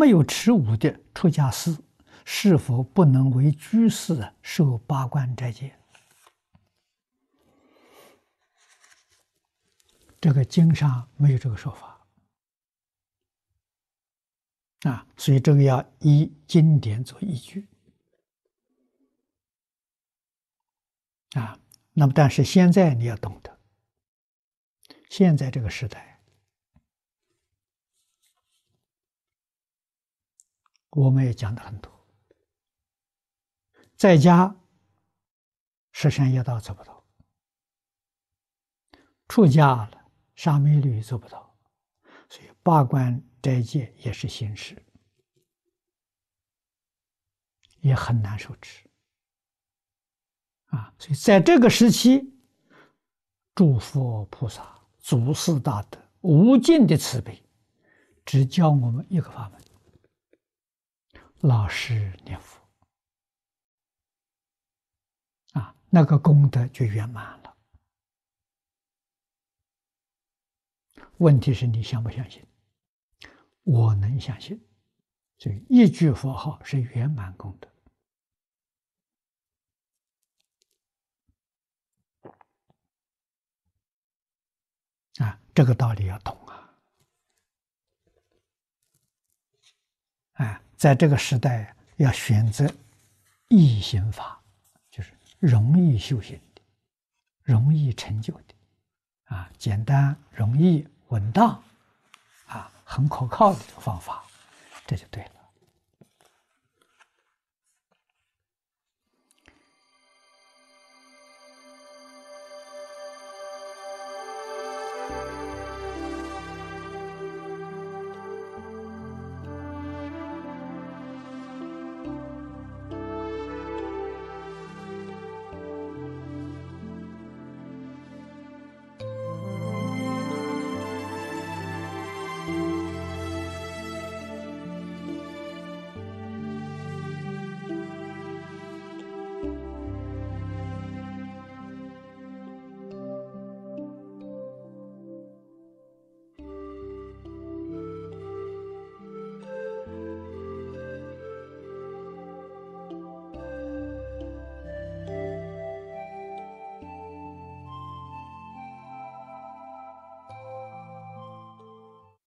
沒有持午的出家師是否不能為居士授八關齋戒？這個經上沒有這個說法啊，所以這個要依經典做依據啊。那麼，但是現在你要懂得，現在這個時代。我們也講的很多，在家十善業道做不到，出家了沙彌律做不到，所以八關齋戒也是形式，也很難受持啊。所以在這個時期，諸佛菩薩、祖師大德、無盡的慈悲，只教我們一個法門，老實念佛啊，那個功德就圓滿了。問題是你相不相信？我能相信，所以一句佛號是圓滿功德啊！這個道理要懂啊！哎。在這個時代，要選擇易行法，就是容易修行的、容易成就的，啊，簡單、容易、穩當，啊，很可靠的這個方法，這就對了。